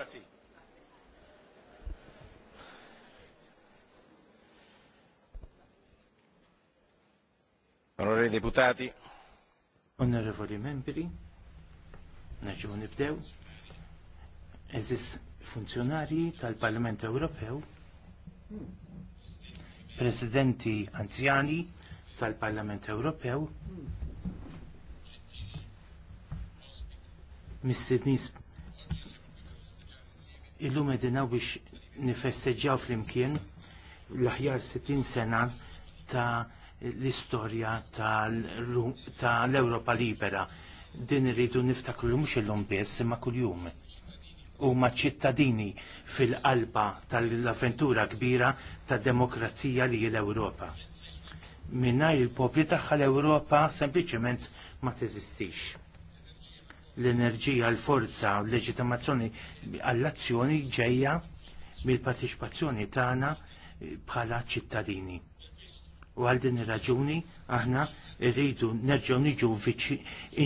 Ahora Onorevoli deputati. Onorevoli membri, naġu nibdew. Eżis funzjonari tal-Parlament Ewropew, presidenti anzjani tal-Parlament Ewropew, mistednis illum medina biex nifesteġġaw fl-imkien l-aħjar 60 sena ta' l-istorja ta' l-Europa libera. Din irridu niftakru mhux illum biss imma kuljum. ma' ċittadini fil-qalba tal-avventura kbira tad demokrazija li l-Ewropa. Minnajr il-popli tagħha l-Ewropa sempliċement ma teżistix l-enerġija, l-forza l-leġitimazzjoni għall-azzjoni ġejja mill parteċipazzjoni tagħna eh, bħala ċittadini. U għal din ir-raġuni aħna rridu nerġgħu niġu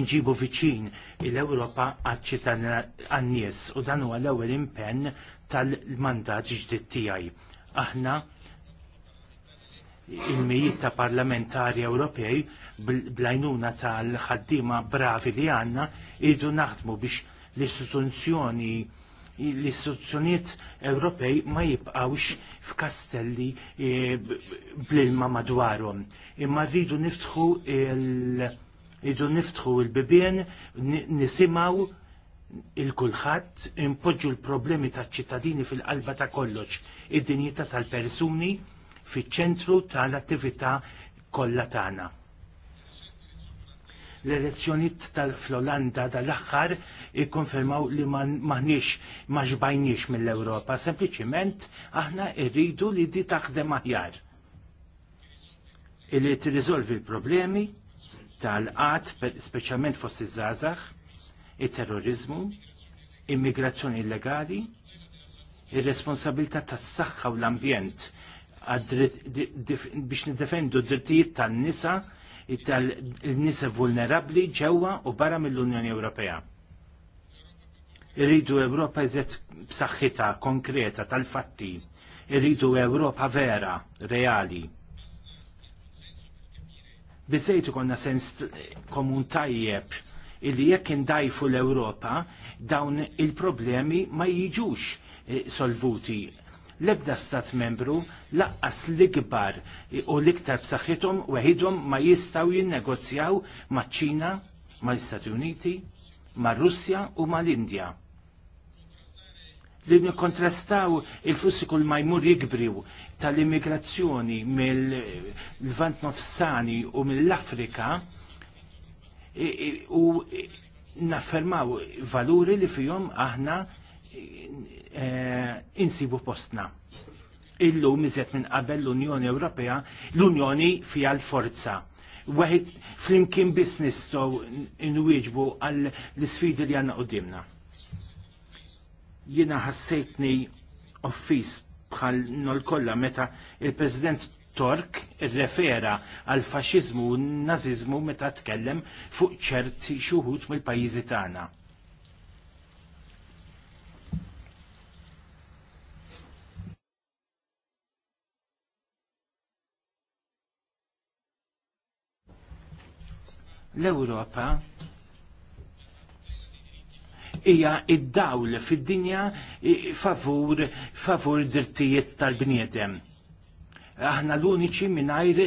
inġibu viċin l-Ewropa għan-nies u dan huwa l-ewwel impenn tal-mandat ġdid tiegħi. Aħna il-mijiet ta' parlamentari Ewropej blajnuna tal-ħaddima bravi li għanna irdu naħdmu biex l-istituzzjoni l-istituzzjoniet Ewropej ma jibqawx f'kastelli e, bl-ilma madwarhom. Imma rridu niftħu il niftħu il-bibien, nisimaw il-kulħadd, impoġġu l-problemi taċ ċittadini fil-qalba ta' kollox, id-dinjità tal-persuni, fiċ-ċentru tal-attività kollha tagħna. L-elezzjonijiet tal-Flolanda tal-aħħar ikkonfermaw li maħniex ma xbajniex mill-Ewropa, sempliċiment aħna rridu li di taħdem aħjar. Illi tirriżolvi l-problemi tal-qat, speċjalment fost iż-żgħażagħ, it-terrorizmu, immigrazzjoni illegali, ir-responsabilità tas-saħħa u l-ambjent biex nidefendu d-drittijiet tan-nisa tal-nisa vulnerabli ġewwa u barra mill-Unjoni Ewropea. Irridu Ewropa eżet b'saħħitha konkreta tal-fatti. Irridu Ewropa vera, reali. Biżejt ikonna sens komun tajjeb illi jekk indajfu l-Ewropa dawn il-problemi ma jiġux eh, solvuti l-ebda stat membru laqqas l-ikbar u l-iktar b'saħħithom weħidhom ma jistgħu jinnegozjaw maċ-Ċina, mal-Istati Uniti, mar-Russja u mal-Indja. Li nikkontrastaw il-flussi kull ma jmur jikbriw tal-immigrazzjoni mill-Vant Nofsani u mill-Afrika u naffermaw valuri li fihom aħna Eh, insibu postna. Illu mizet minn qabel l-Unjoni Ewropea, l-Unjoni fija l-forza. Waħed flimkien business to inwieġbu għal l-sfidi li għanna qoddimna. Jina ħassejtni offis bħal nol-kolla meta il-President Tork refera għal faxizmu u nazizmu meta tkellem fuq ċerti xuħut mill-pajizi tagħna. l-Ewropa hija id-dawl fid-dinja favur favur drittijiet tal-bniedem. Aħna l-uniċi mingħajr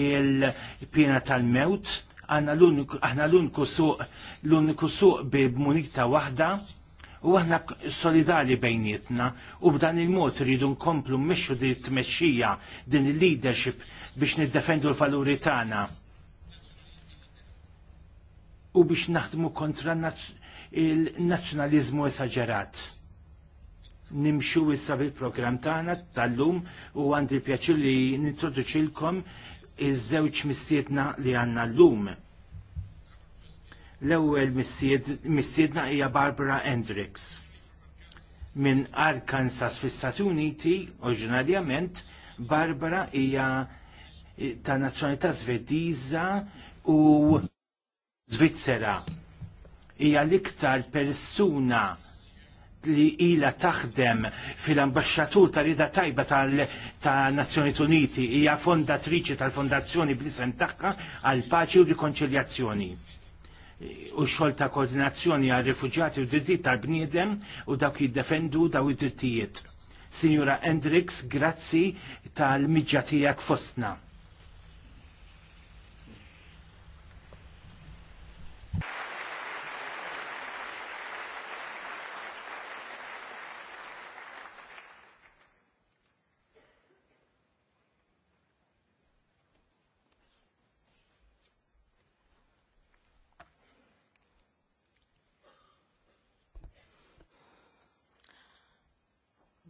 il-pjena tal-mewt, aħna l-uniku suq l-uniku suq bi munita waħda u aħna solidali bejnietna u b'dan il-mod rridu nkomplu mmexxu di t tmexxija din il-leadership biex niddefendu l-valuri tagħna u biex naħdmu kontra il nazjonalizmu esagerat. Nimxu issa bil-programm tagħna tal-lum u għandi pjaċir li nintroduċilkom iż-żewġ mistiedna li għandna l-lum. L-ewwel mistiedna hija Barbara Hendrix minn Arkansas fis-Stati Uniti, oriġinarjament Barbara hija ta' nazzjonalità Svediża u Zvizzera hija l-iktar persuna li ila taħdem fil-ambasċatur tal-ida tajba tal-Nazzjoni Uniti hija fondatriċi tal-fondazzjoni bl-isem tagħha għal paċi u rikonċiljazzjoni u xol ta' koordinazzjoni għal rifugjati u drittijiet tal-bniedem u dawk jiddefendu daw id-drittijiet. Signora Hendrix, grazzi tal miġġa tiegħek fostna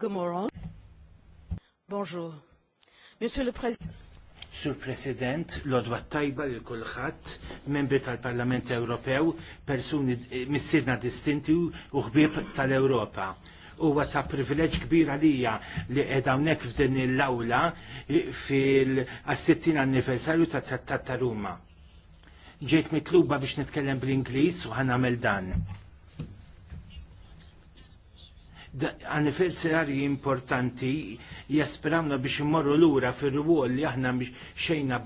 Good morning. Bonjour. Monsieur le Président. Sur President, l-odwa tajba li kulħadd, membri tal-Parlament Ewropew, persuni eh, missiedna distinti u ħbieb tal-Ewropa. Huwa ta' privileġġ kbir għalija li qiegħda hawnhekk f'din l-awla fil-60 anniversarju ta' Trattat ta' Ruma. Ġejt mitluba biex nitkellem bl-Ingliż u ħanamel dan anniversarji importanti jasperamna biex immorru lura fil rwol li aħna xejna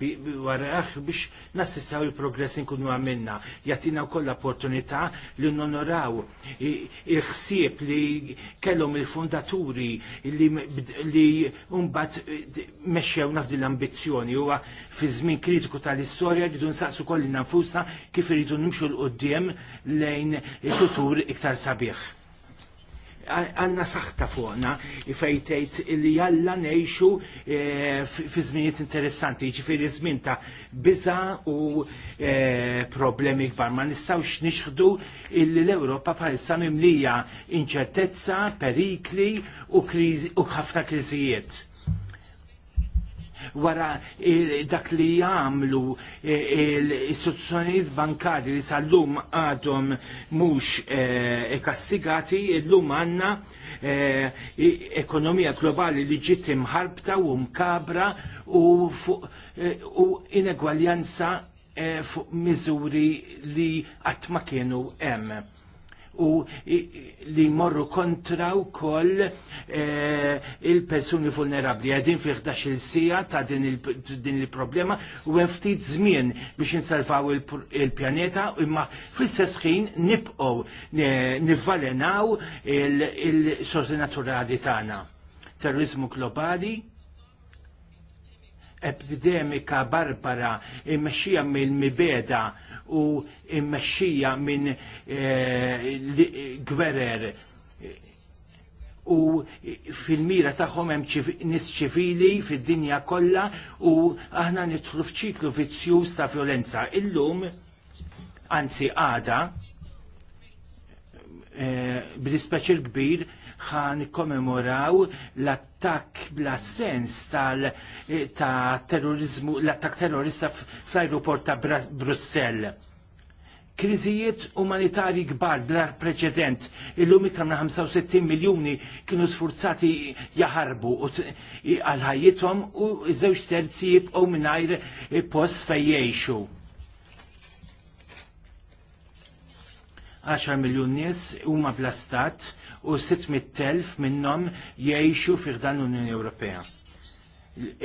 warah biex nassistaw il-progress inkunu għamilna. Jatina wkoll opportunità li nonoraw il-ħsieb li kellhom il-fondaturi li mbagħad eh, mexxewna nafdi l-ambizzjoni huwa fi żmien kritiku tal-istorja rridu nsaqsu kollha nfusna kif irridu nimxu l-qudiem lejn futur iktar sabiħ għanna saħta fuqna fejtejt li jalla neħxu eh, fi zminiet interessanti, ġifiri zmin ta' biza u eh, problemi kbar. Ma nistawx nixħdu illi l-Europa bħalissa mimlija inċertezza, perikli u ħafna kriżijiet wara dak li jamlu e, l-istituzzjonijiet bankarji li sal-lum għadhom mhux ekastigati, illum għandna e, ekonomija globali li ġiet imħarbta u mkabra u e, inegwaljanza fuq miżuri li qatt ma kienu hemm u li morru kontra u koll eh, il-persuni vulnerabli. Għedin fi il sija ta' din il-problema u għen ftit zmin biex insalvaw il-pjaneta imma fl-istess ħin nibqgħu nivvalenaw il-sorsi naturali tagħna. Terrorizmu globali, epidemika barbara immexxija mill-mibeda u immexxija minn eh, gwerer u fil-mira tagħhom hemm nis ċivili fid-dinja kollha u aħna nidħlu f'ċiklu vizzjuż ta' violenza. Illum anzi għada b'dispeċir kbir ħan kommemoraw l-attak bla sens tal eh, ta' terrorizmu, l-attak terrorista fl-aeroport ta' Brussell. Kriżijiet umanitarji kbar bla preċedent illum minn 65 miljuni kienu sfurzati jaħarbu għal ħajjithom u żewġ terzi jibqgħu mingħajr eh, post fejn jgħixu 10 miljon nies huma bla stat u 600,000 minnhom jgħixu fih dan l-Unjoni Ewropea.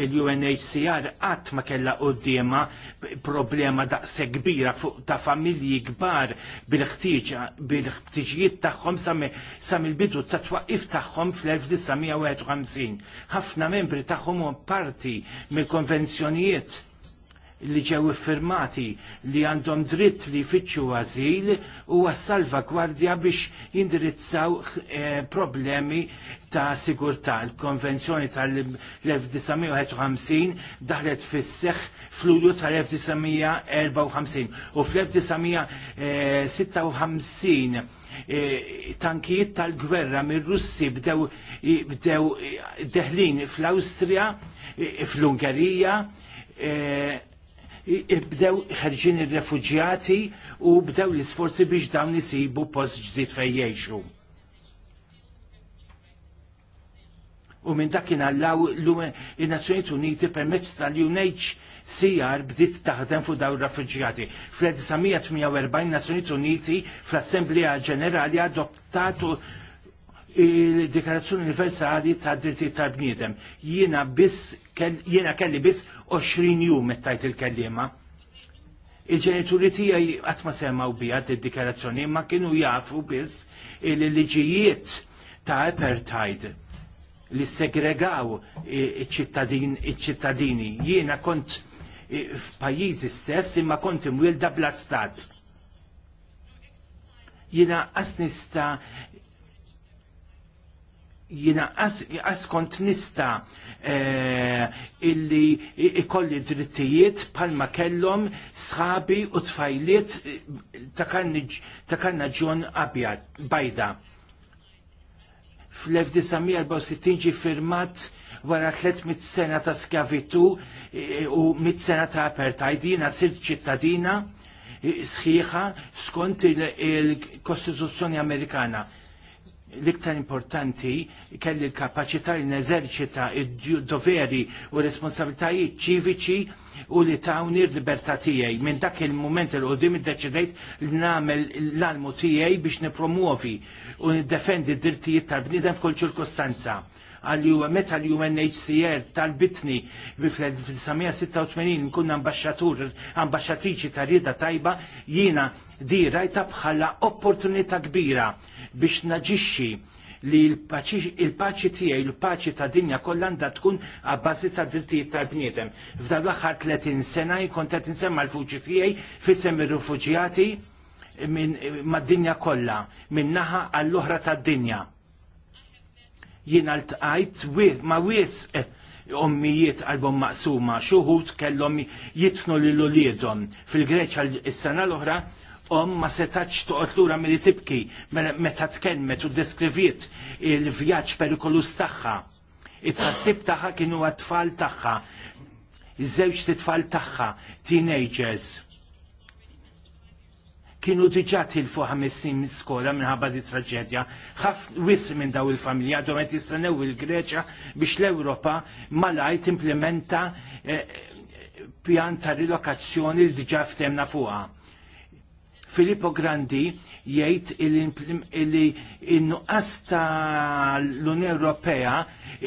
Il-UNHCR qatt ma kellha qudiema problema daqshekk kbira fuq ta' familji kbar bil-ħtiġijiet tagħhom sa mill-bidu ta' twaqqif tagħhom fl-1951. Ħafna membri tagħhom parti mill-konvenzjonijiet li ġew iffirmati li għandhom dritt li jfittxu għażil u għas-salvagwardja biex jindirizzaw eh, problemi ta' sigurtà. l konvenzjoni tal-1951 daħlet fis-seħ fl-Ulju tal-1954 u fl-1956 eh, tankijiet tal-gwerra mir russi bdew, bdew deħlin fl-Austria, eh, fl-Ungerija, bdew ħarġin ir refugġjati u bdew l-isforzi biex dawn isibu post ġdid fejn jgħixu. U minn dakin għallaw l-Nazzjonijiet Uniti permezz tal-UNHCR bdiet taħdem fuq dawn ir-refuġjati. Fl-1948 Nazzjonijiet Uniti fl assembleja Ġenerali adottatu il-Dikarazzjoni Universali ta' dritti tal-Bniedem. Jiena biss jiena kelli biss 20 jum mettajt il-kellima. Il-ġenituri tijaj għatma semmaw bija d-dikarazzjoni ma kienu jafu biss il-liġijiet ta' apartheid li segregaw iċ-ċittadini. Jiena kont f'pajjiżi stess imma kont imwilda bla stat Jiena asnista jina as kont nista eh, illi ikolli drittijiet palma kellom sħabi u tfajliet eh, ta' kanna ġon abjad bajda. Fl-1964 ġi firmat wara 300 sena ta' skavitu eh, u 100 sena ta' aperta jina sir ċittadina sħiħa skont il-Kostituzzjoni Amerikana l-iktar importanti kelli l-kapacità li neżerċita id-doveri u responsabilitajiet ċiviċi u li tawni l-libertà tiegħi. Minn dak il-moment il qudiem iddeċidejt li nagħmel l-almu tiegħi biex nipromuovi u niddefendi d-dirtijiet tal-bniedem f'kull ċirkostanza għal meta għal-UNHCR tal-bitni fl 1986 nkun ambasċatur, ambasċatriċi tal-rieda tajba jiena di rajta bħala opportunità kbira biex naġixxi li l-paċi tiegħi, l-paċi ta' dinja kollha għandha tkun għabbażi ta' drittijiet ta' bniedem. F'dan l-aħħar 30 sena jkun qed insemma l-fuġi tiegħi fissem ir-rifuġjati mad-dinja kollha minn naħa għall-oħra tad-dinja. Jien għaltqajt ma' wies eh, ommijiet għalbom maqsuma, xuħut kellhom jitfnu l uliedhom Fil-Greċa s-sena l-oħra om ma setax toqgħod lura milli tibki mela meta tkellmet u deskriviet il-vjaġġ perikolus tagħha. it ħassib tagħha kienu għat-tfal tagħha, iż-żewġ titfal tagħha, teenagers. Kienu diġà fuq ħames snin skola minħabba di traġedja, ħaf wis minn daw il-familja għadhom qed jistennew il-Greċja biex l-Ewropa malaj timplementa eh, pjan ta' rilokazzjoni li diġà ftemna fuqha Filippo Grandi jgħid illi innuqqas ta' l-Unjoni Ewropea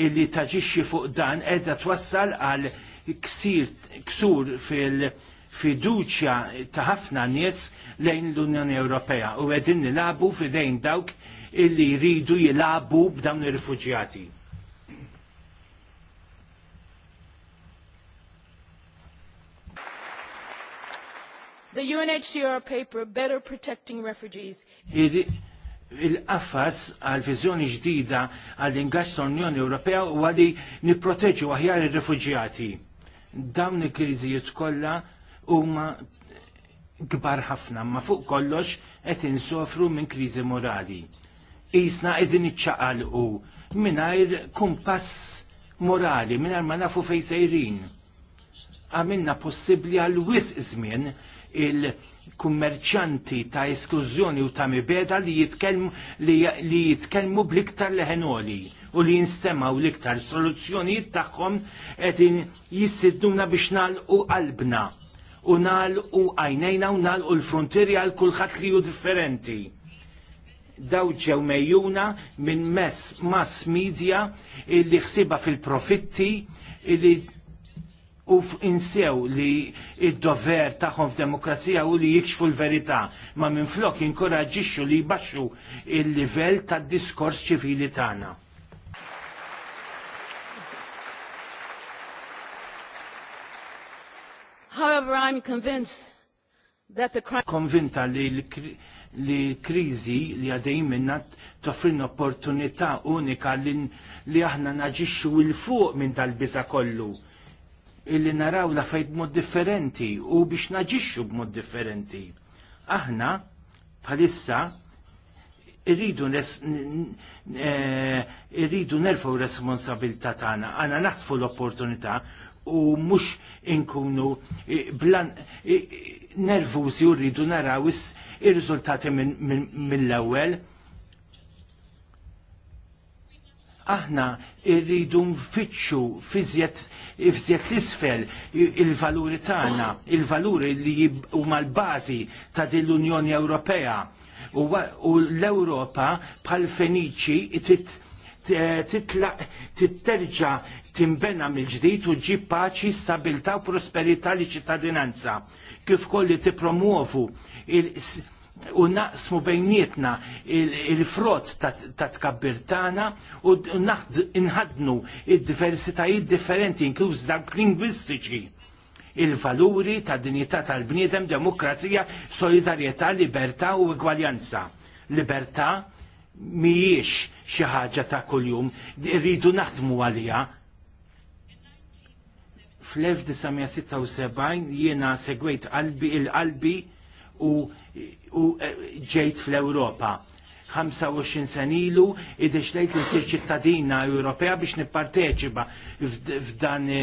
illi taġixxi fuq dan qiegħda twassal għal ksir ksur fil- fiduċja ta' ħafna nies lejn l-Unjoni Ewropea u għedin nilabu fidejn dawk illi jridu jilabu b'dawn ir-rifuġjati. The UNHCR paper Better Protecting Refugees. Il-qaffas għal viżjoni ġdida għall ingaġġ tal-Unjoni Ewropea u għalli nipproteġu aħjar ir-refuġjati. Dawn il-kriżijiet kollha huma kbar ħafna, ma fuq kollox qed insofru minn kriżi morali. Isna qegħdin iċċaqalqu mingħajr kumpass morali, mingħajr ma nafu fejn sejrin. Għamilna possibbli għal wisq żmien il-kummerċanti ta' esklużjoni u ta' mibeda li jitkelmu li jitkelmu bliktar leħenoli u li jinstemaw liktar soluzzjonijiet tagħhom qegħdin jissidduna biex nagħlqu qalbna u nagħlqu għajnejna u nagħlqu l-frontieri għal kulħadd li hu differenti daw ġew mejjuna minn mess mass media illi ħsiba fil-profitti illi u insew li id-dover tagħhom f'demokrazija u li jikxfu l-verità, ma minflok jinkoraġixxu li jbaxxu il-livell tad-diskors ċivili tagħna. However, I'm convinced that the crime... Konvinta li l-krizi li għadej minna toffrin opportunità unika li aħna naġixxu il-fuq minn dal-biza kollu illi naraw la fejt mod differenti u biex naġixxu b'mod differenti. Aħna bħalissa irridu e, irridu nerfu responsabilità tagħna, għana naħtfu l-opportunità u mhux inkunu e, blan e, nervużi u rridu naraw ir-riżultati mill-ewwel. Min, min, min aħna irridu nfittxu fiżjed l-isfel il-valuri tagħna, il-valuri li huma l-bażi ta' din l-Unjoni Ewropea. U l-Ewropa bħal Feniċi titterġa timbena mill-ġdid u ġib paċi, stabilità u prosperità li ċittadinanza. Kif kolli tipromuovu il- u naqsmu bejnietna il-frott ta' tkabbir tagħna u nħadnu id-diversitajiet differenti inkluż dawk lingwistiċi il-valuri ta' dinjità tal-bniedem, demokrazija, solidarjetà, libertà u egwaljanza. Libertà mhijiex xi ħaġa ta' kuljum, rridu naħdmu għaliha. Fl-1976 jiena segwejt qalbi il-qalbi il qalbi u e, ġejt fl-Ewropa. 25 senilu ilu id-ex lejt li nsir ċittadina Ewropea biex nipparteċiba f'dan e,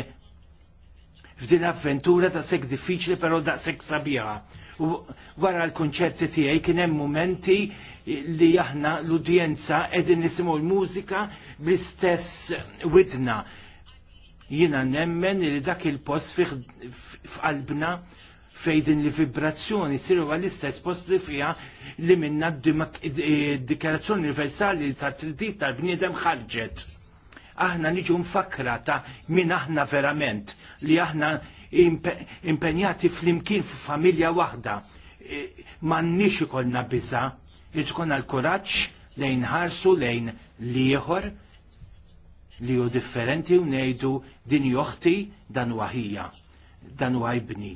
f'din avventura ta' sekk diffiċli però da' sekk sabiħa. Wara l-konċerti tiegħi kien hemm momenti li aħna l-udjenza qegħdin nisimgħu l-mużika bl-istess widna. Jina nemmen li dak il-post f'qalbna fej din li vibrazzjoni siru għall-istess post li fija li minna d-dikarazzjoni eh, universali ta' tridit tal-bniedem ħarġet. Aħna niġu mfakra ta' min aħna verament li aħna impenjati fl-imkien f'familja waħda. Eh, mannix ikollna biza, tkun għal koraċ lejn ħarsu lejn liħor li ju differenti u nejdu din joħti dan waħija, dan wahibni.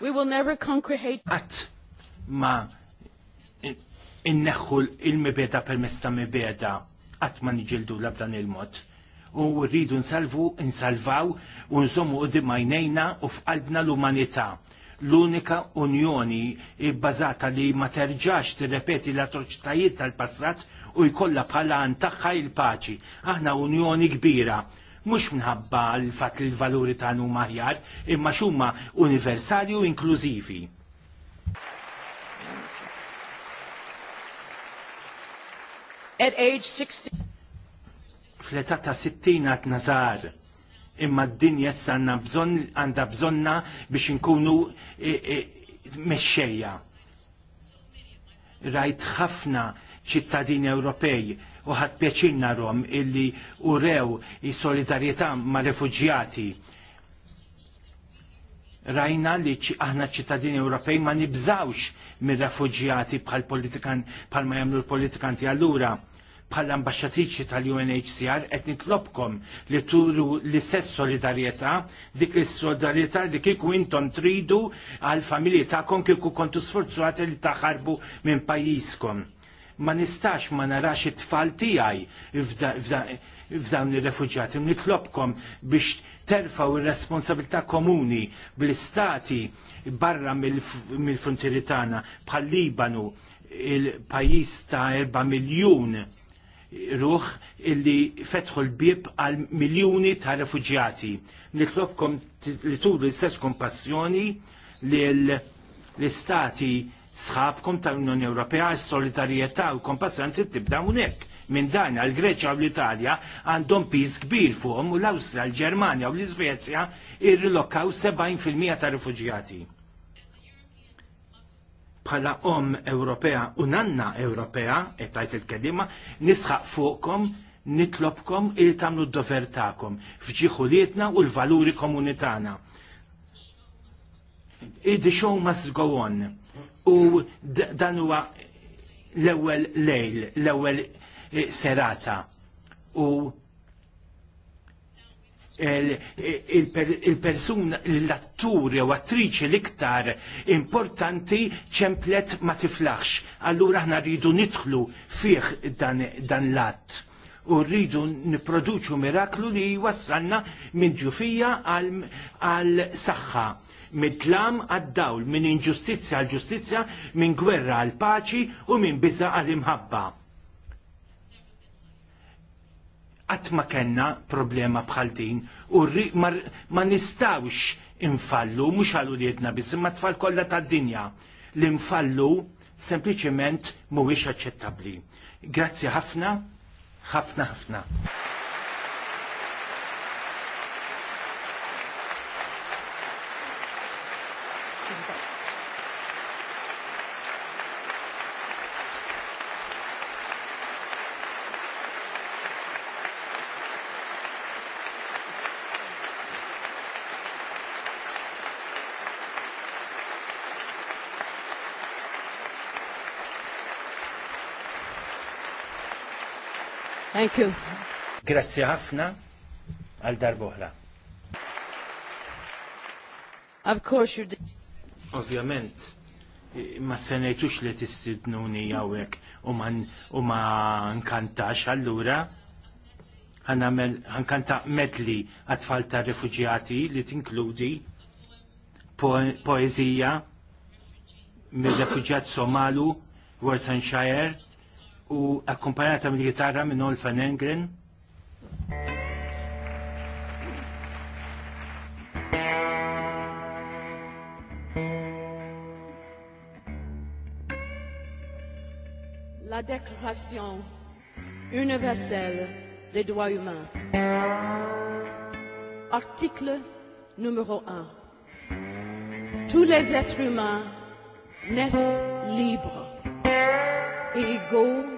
We will never conquer hate. Qatt ma inneħħu il-mibeda permezz ta' mibeda qatt ma niġildu labdan il-mod. U rridu nsalvu, nsalvaw, u nżommu u dimajnejna u f'qalbna l-umanità l-unika unjoni bbażata li ma terġax tirrepeti l-atroċitajiet tal-passat u jkollha bħala antagħha il-paċi. Aħna unjoni kbira mhux minħabba l-fatt li l-valuri ta' nu aħjar, imma xumma universali u inklużivi. At age 60 Fl-età ta' 60 għat nazar imma d-dinja s-sanna bżon għanda bżonna biex nkunu e, e, mexxejja. Rajt ħafna ċittadini Ewropej u ħadd pjaċinna rom illi urew i solidarjetà ma' refuġjati. Rajna li aħna ċittadini Ewropej ma nibżawx mir-refuġjati bħal politikan bħal ma jagħmlu l-politikanti allura bħal ambasċatriċi tal-UNHCR qed nitlobkom li turu l-istess solidarjetà, dik is-solidarjetà li kieku intom tridu għal familji tagħkom kieku kontu sforzwati li taħarbu minn pajjiżkom ma nistax ma narax it-tfal tiegħi f'dawn ir refugġati Nitlobkom biex terfaw il responsabilità komuni bl-istati barra mill-frontieri tagħna bħal Libanu il-pajjiż ta' 4 miljun ruħ illi fetħu l-bib għal miljuni ta' refuġjati. Nitlobkom li turu l-istess kompassjoni li l-istati sħabkom tal-Unjoni Ewropea s-solidarjetà u kompazjanti tibda unek. Minn dan għal Greċja u l-Italja għandhom piż kbir fuqhom u l-Awstra, l-Ġermanja u l-Iżvezja irrilokkaw 70% ta' rifuġjati. Bħala om Ewropea u nanna Ewropea, qed tgħid il-kelima, nisħaq fuqkom nitlobkom il tagħmlu d-dover tagħkom fġiħulietna u l-valuri komunitana. The show must go on u dan huwa l-ewwel lejl, l-ewwel eh, serata. U il-persuna, l-attur jew attriċi l-iktar importanti ċemplet ma tiflaħx. Allura aħna rridu nidħlu fih dan, dan l-att u rridu niproduċu miraklu li wassalna minn ġufija għal saħħa mid-tlam għad-dawl, minn inġustizja għal ġustizja, minn gwerra għal paċi u minn biża għal imħabba. Qatt ma kellna problema bħal din u ma nistawx infallu, mhux li jedna biss, ma tfal kollha tad-dinja. L-infallu sempliċement mhuwiex aċċettabbli. Grazzi ħafna, ħafna ħafna. Thank you. Grazie ħafna għal darbohla. Of course you did. Ovvjament, ma senajtux li tistidnuni jawek u ma nkantax allura ħankanta medli għatfall ta' refugjati li tinkludi poezija mir refugjat Somalu, Worcestershire, u akkompanjata mill-gitarra minn Olfa Nengren. La Déclaration universelle des droits humains. Article numéro 1. Tous les êtres humains naissent libres et égaux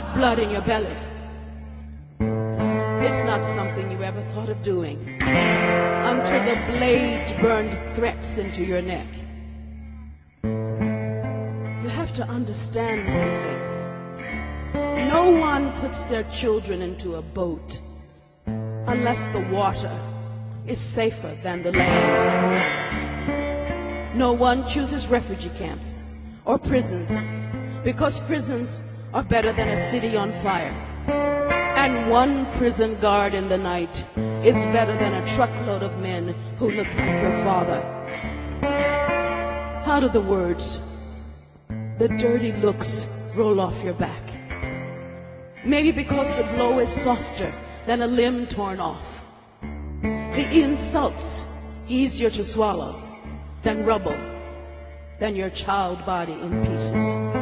hot blood in your belly. It's not something you ever thought of doing until the blade burned threats into your neck. You have to understand something. No one puts their children into a boat unless the water is safer than the land. No one chooses refugee camps or prisons because prisons are better than a city on fire. And one prison guard in the night is better than a truckload of men who look like your father. How do the words, the dirty looks, roll off your back? Maybe because the blow is softer than a limb torn off. The insults easier to swallow than rubble, than your child body in pieces.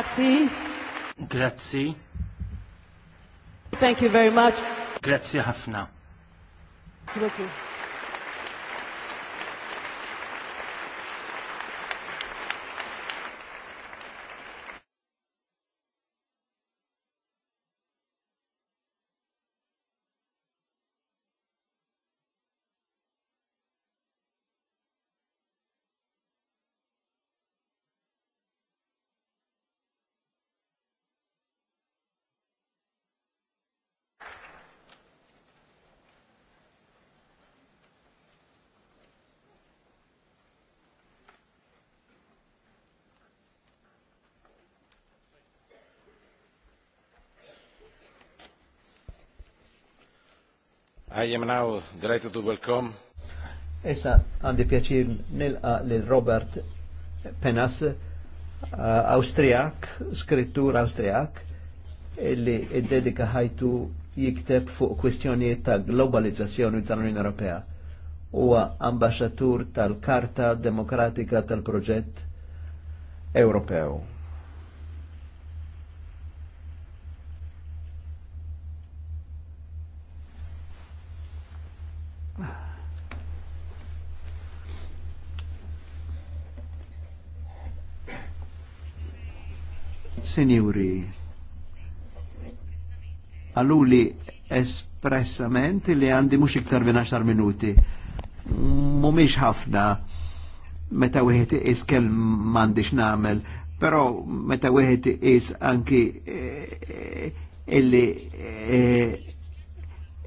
Grazie. Grazzi. Thank you very much. Grazie Hafna. Grazie. I am now delighted to welcome. Issa għandi pjaċir nilqa lil Robert Penas, eh, Austriak, skrittur Austriak, illi id-dedika ħajtu jikteb fuq kwestjonijiet ta' globalizzazzjoni tal-Unjoni Ewropea. Huwa ambasċatur tal-Karta Demokratika tal-Proġett Ewropew. Sinjuri, għalluli espressament li għandi mux iktar minn 10 minuti. Mumiex ħafna meta wieħed is kell m'għandix nagħmel, però meta wieħed is anki eh, illi eh,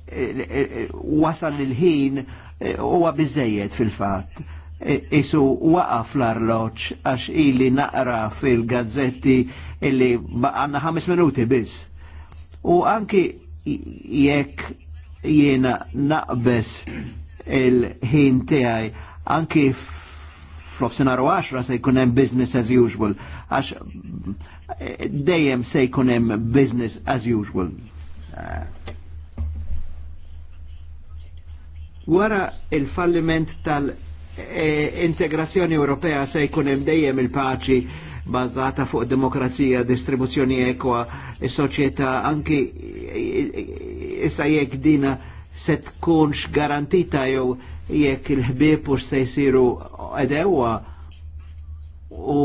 eh, wasal il-ħin huwa biżejjed fil-fatt isu waqa fl-arloċ għax ili naqra fil-gazzetti illi għanna ħames minuti biz. U anki jekk jena naqbes il-ħin tijaj, anki fl-ofsenaru 10 se jkunem business as usual għax eh, dejjem se jkunem business as usual. Wara il-falliment tal- E, integrazzjoni Ewropea se jkun hemm dejjem il-paċi bazzata fuq demokrazija, distribuzzjoni ekwa, is-soċjetà e anki e, issa jekk dina se tkunx garantita jew jekk il-ħbieb u se jsiru edewa u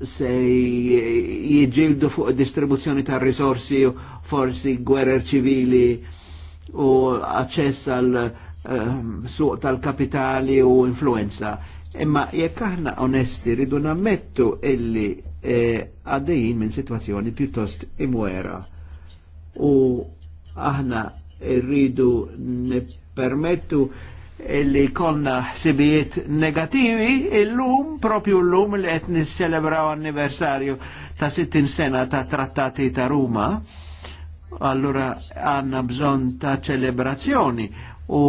se jiġildu fuq distribuzzjoni ta' risorsi forsi gwerer ċivili u aċċess għal Ehm, suq tal-kapitali u influenza. Imma jekk aħna onesti ridu nammettu illi eh, għaddejjin minn situazzjoni pjuttost imwera. U aħna rridu nippermettu illi konna ħsibijiet negativi illum propju l-lum li qed nisċelebraw anniversarju ta' 60 sena ta' trattati ta' Ruma allura għanna bżon ta' ċelebrazzjoni u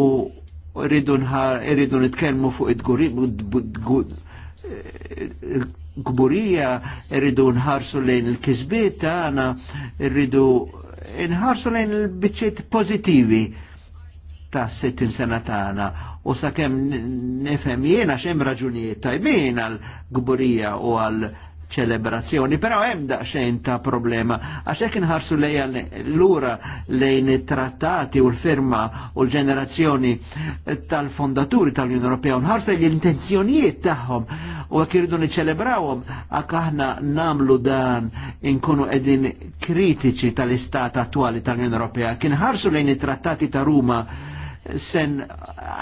rridu nitkelmu fuq id-gburija, rridu nħarsu lejn il-kizbiet tagħna, rridu nħarsu lejn il-biċċiet pozitivi ta' settin sena tagħna u sakemm nifhem jiena x'hemm raġunijiet tajbin għal gburija u għal ċelebrazzjoni. Però hemm daqsxejn ta' problema għax hekk inħarsu lejha lura lejn it-trattati u l-firma u l-ġenerazzjoni tal-fondaturi tal-Unjoni Ewropea nħarsu lejn l-intenzjonijiet tagħhom u jekk iridu niċċelebrawhom għak aħna namlu dan inkunu qegħdin kritiċi tal-istat attwali tal-Unjoni Ewropea. Kien ħarsu lejn it-trattati ta' Ruma sen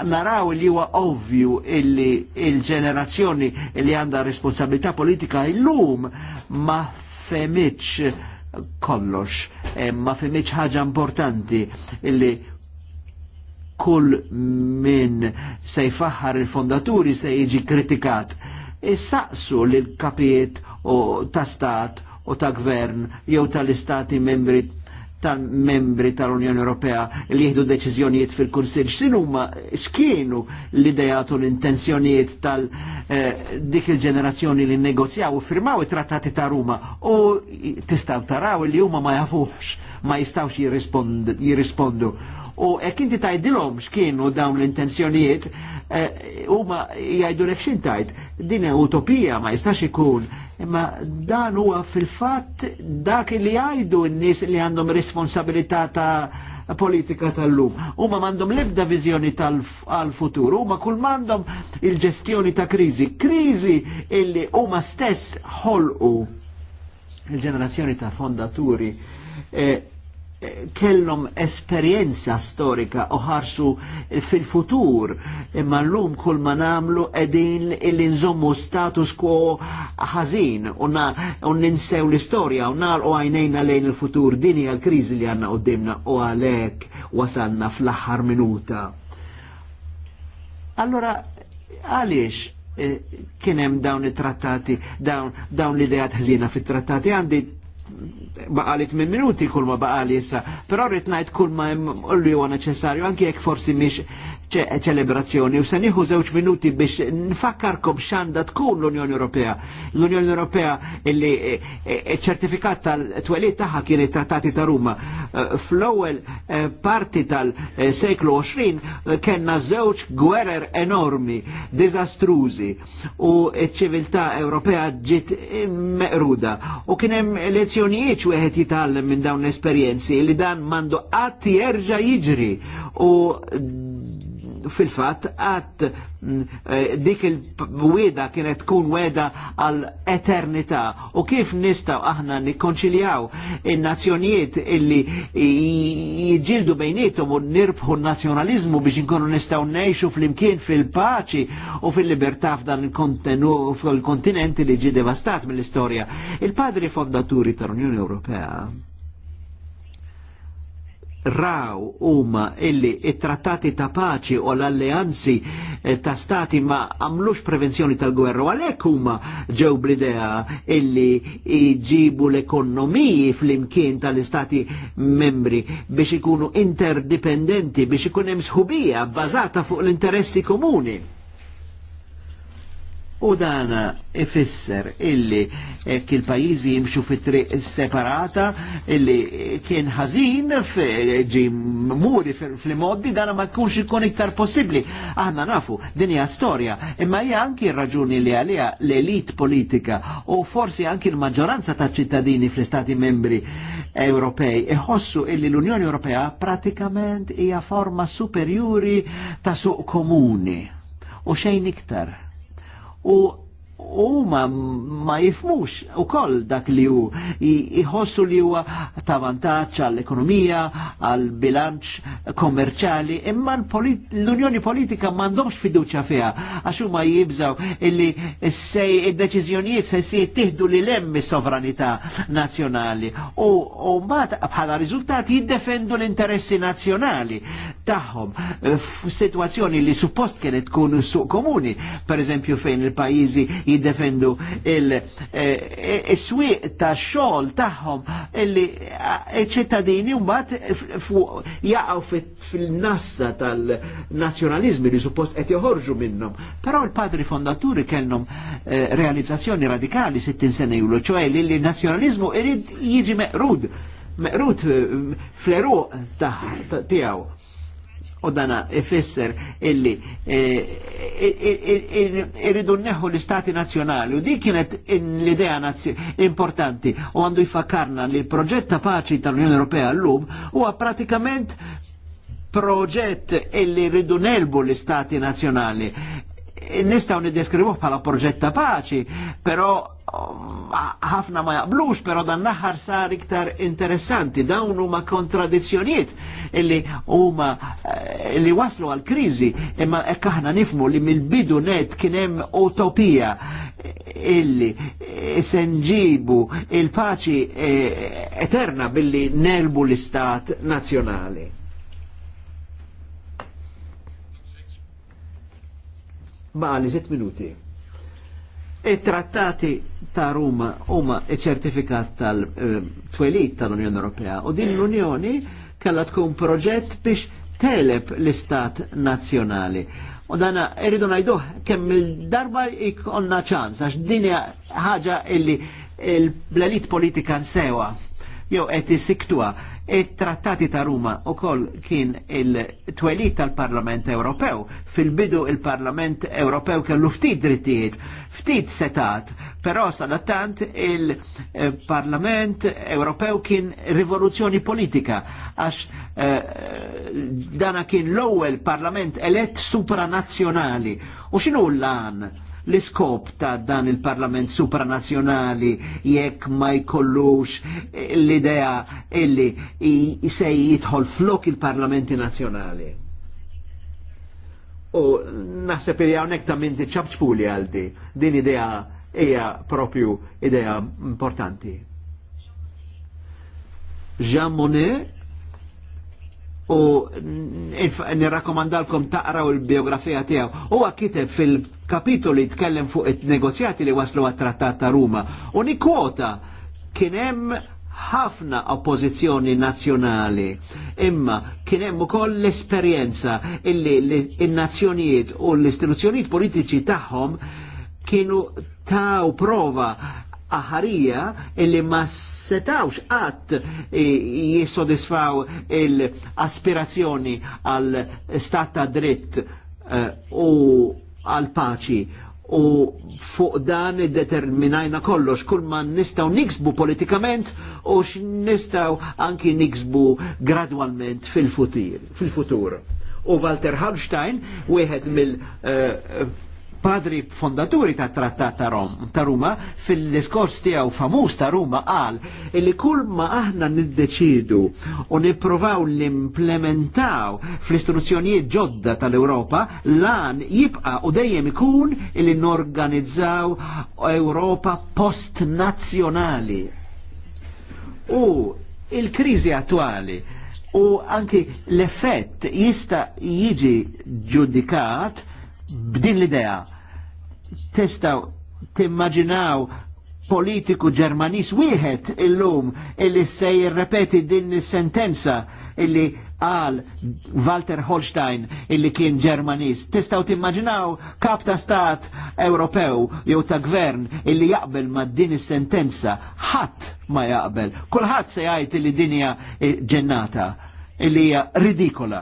naraw li huwa ovvju illi il-ġenerazzjoni li għandha responsabilità politika illum ma femiċ kollox, e ma femiċ ħaġa importanti illi kull min se jfaħħar il-fondaturi se jiġi kritikat. Issaqsu e l-kapijiet u ta' stat u ta' gvern jew tal-istati membri ta' membri tal-Unjoni Ewropea li jieħdu deċiżjonijiet fil-Kunsill. x'inhuma x'kienu l idea u l-intenzjonijiet tal eh, dik il-ġenerazzjoni li negozjaw u firmaw it-trattati ta' Ruma u tistgħu taraw li huma ma jafux ma jistawx jirrispondu. U hekk inti tgħidilhom x'kienu dawn l-intenzjonijiet, eh, huma jgħidulek x'intajt. Din utopija ma jistax ikun imma dan huwa fil-fatt dak li jgħidu n-nies li għandhom responsabilità ta' politika tal-lum. Huma m'għandhom l-ebda viżjoni tal-futur, huma kull m'għandhom il-ġestjoni ta' kriżi, kriżi illi huma stess ħolqu il-ġenerazzjoni ta' fondaturi eh, kellhom esperjenza storika u ħarsu fil-futur imma llum kull ma nagħmlu qegħdin illi nżommu status quo ħażin u ninsew l-istorja u u għajnejna lejn il-futur din hija l-kriżi li għandna qudiemna u għalhekk wasanna fl-aħħar minuta. Allora għaliex eh, kien hemm dawn it-trattati, dawn, l-idejat ħżina fit-trattati għandi baqali minn minuti kull ma baqali issa, però rrit ngħid kull ma ulli huwa neċessarju anki jekk forsi mhix ċelebrazzjoni u se nieħu żewġ minuti biex nfakkarkom x'għandha tkun l-Unjoni Ewropea. L-Unjoni Ewropea illi e, e, ċertifikat tal-twelid tagħha kien it-Trattati ta' Ruma. E, fl-ewwel parti tal-seklu 20 kellna żewġ gwerer enormi, diżastrużi u ċ-ċiviltà Ewropea ġiet meqruda u kien hemm elezzjoni lezzjonijiet u wieħed jitgħallem minn dawn l-esperjenzi li dan mandu qatt jerġa' jiġri u fil-fat għat mm, eh, dik il-weda kienet tkun weda għal eternità u kif nistaw aħna nikonċiljaw il-nazzjonijiet illi jġildu bejnietom u nirbħu nazjonalizmu biex nkunu nistaw nejxu fl-imkien fil-paċi u fil-libertà f'dan il-kontinent li ġi devastat mill-istoria. Il-padri fondaturi tal-Unjoni Ewropea raw huma illi it-trattati ta' paċi u l-alleanzi eh, ta' stati ma għamlux prevenzjoni tal-gwerra għalhekk huma ġew bl-idea illi jġibu l-ekonomiji fl-imkien tal-istati membri biex ikunu interdipendenti biex ikun hemm sħubija bbażata fuq l-interessi komuni u dana ifisser illi kil pajizi jimxu fi triq separata illi kien ħażin ġi muri fil-moddi dana ma jkunx ikun iktar possibli. Aħna nafu, dinja storja, imma hija anki raġuni li għalija l-elit politika u forsi anki l-maġġoranza ta' ċittadini fl-Istati membri Ewropej iħossu illi l-Unjoni Ewropea pratikament hija forma superjuri ta' suq komuni u xejn iktar u u ma, ma jifmux u koll dak li hu jħossu li huwa ta' vantaġġ għall-ekonomija, għall-bilanċ kommerċali, imma l-Unjoni Politika m'għandhomx fiduċa fiha għax huma jibżaw illi sej id-deċiżjonijiet se si jittieħdu li lem sovranità nazzjonali u mbagħad bħala riżultat jiddefendu l-interessi nazzjonali tagħhom f'sitwazzjoni li suppost kienet tkun suq komuni, per eżempju fejn il-pajjiżi jiddefendu il-swieq il eh, eh, ta' xogħol tagħhom illi eh, ċittadini mbagħad jaqgħu fil-nassa tal-nazzjonalizmi li suppost qed joħorġu minnhom. Però il-padri fondaturi kellhom realizzazzjoni radikali 60 sena ilu, ċoħe li l nazjonalizmu irid jiġi meqrud meqrud fl-eruq tiegħu u dana ifisser illi eh, irridu neħu l-istati nazjonali u di kienet l-idea importanti u għandu jfakarna li l-proġett ta' paċi tal-Unjoni Ewropea l-lum huwa pratikament proġett illi rridu nelbu l-istati nazjonali nistaw niddeskrivuh bħala proġett ta' paċi, però um, ħafna ma jaqblux, però dan naħar sar iktar interessanti, dawn huma kontradizzjonijiet illi huma eh, li waslu għal kriżi, imma hekk aħna nifmu li mill-bidu net kien hemm utopija illi se nġibu il-paċi eh, eterna billi nelbu l-istat nazzjonali. Baqali zitt minuti. Il-trattati ta' Ruma huma ċertifikat tal-twelit tal-Unjoni Ewropea u din l-Unjoni kalla tkun proġett biex teleb l-istat Nazjonali. U dana irridu najduħ kemm il-darba ikonna ċans għax dinja ħaġa illi il-blelit politika nsewa jew qed isiktuha. it trattati ta' Ruma u koll kien il-twelit tal-Parlament Ewropew. Fil-bidu il-Parlament Ewropew kellu ftit drittijiet, ftit setat, però sadattant il-Parlament Ewropew kien rivoluzzjoni politika, għax eh, dana kien l-ewwel Parlament elett supranazzjonali. U xinu l-lan l-iskop ta' dan il-Parlament supranazjonali jekk ma jkollux eh, l-idea illi se jidħol flok il-Parlamenti nazjonali. U naħseb li hawnhekk ta' minti ċabċpuli għaldi, din idea hija propju idea importanti. Jean Monnet u nirrakkomandalkom taqraw il-biografija tiegħu. Huwa kiteb fil-kapitoli tkellem fuq it-negozjati li waslu għat-Trattat ta' Ruma u nikwota kien hemm ħafna oppożizzjoni nazzjonali, imma kien hemm ukoll l-esperjenza illi n-nazzjonijiet u l-istituzzjonijiet politiċi tagħhom kienu taw prova aħarija illi ma setawx għat eh, jissodisfaw il-aspirazzjoni għal stat ta' dritt eh, u għal paċi u fuq dan determinajna kollox kull ma nistaw niksbu politikament u nistaw anki niksbu gradualment fil-futur. Fil u Walter Hallstein, wieħed mill uh, padri fondaturi ta' trattat ta' Rom, ta' Ruma, fil-diskors tiegħu famuż ta' Ruma qal illi kull ma aħna niddeċidu u nippruvaw l-implementaw fl-istruzzjonijiet ġodda tal-Ewropa lan jibqa' u dejjem ikun illi norganizzaw Ewropa post-nazzjonali. U il-kriżi attwali u anki l-effett jista jiġi ġudikat b'din l-idea testaw timmaġinaw politiku ġermanis wieħed illum illi se jirrepeti din sentenza illi għal Walter Holstein illi kien Ġermanis. Tistaw timmaġinaw kap ta' stat Ewropew jew ta' gvern illi jaqbel ma' din is-sentenza. Ħadd ma jaqbel. Kulħadd se jgħid illi dinja eh, ġennata illi hija ridikola